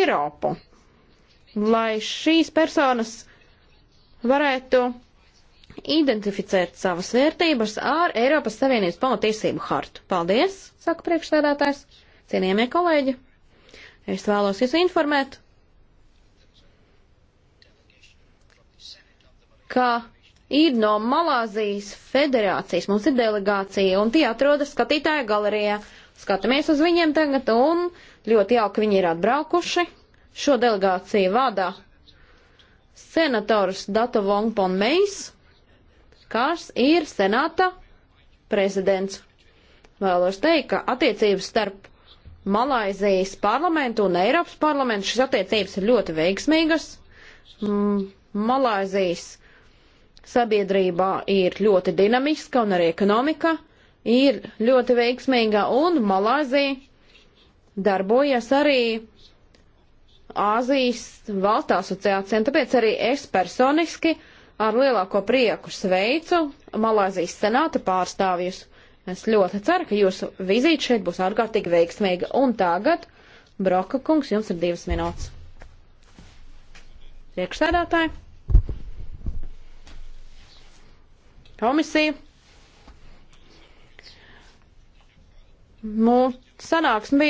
Eiropu, lai šīs personas varētu identificēt savas vērtības ar Eiropas Savienības pamatiesību hartu. Paldies, saka priekšsēdētājs, cienījamie kolēģi. Es vēlos jūs informēt, ka ir no Malāzijas federācijas. Mums ir delegācija, un tie atrodas skatītāja galerijā. Skatāmies uz viņiem tagad un ļoti jauki viņi ir atbraukuši. Šo delegāciju vada senators Dato Vongpon Meis, kas ir senāta prezidents. Vēlos teikt, ka attiecības starp Malaizijas parlamentu un Eiropas parlamentu šis attiecības ir ļoti veiksmīgas. Malaizijas sabiedrībā ir ļoti dinamiska un arī ekonomika ir ļoti veiksmīga, un Malāzija darbojas arī Āzijas valstu asociācijā. Tāpēc arī es personiski ar lielāko prieku sveicu Malāzijas senāta pārstāvjus. Es ļoti ceru, ka jūsu vizīte šeit būs ārkārtīgi veiksmīga. Un tagad, Broka kungs, jums ir divas minūtes. Priekšsēdētāji. Komisija. Mūsu nu, sanāksme bija.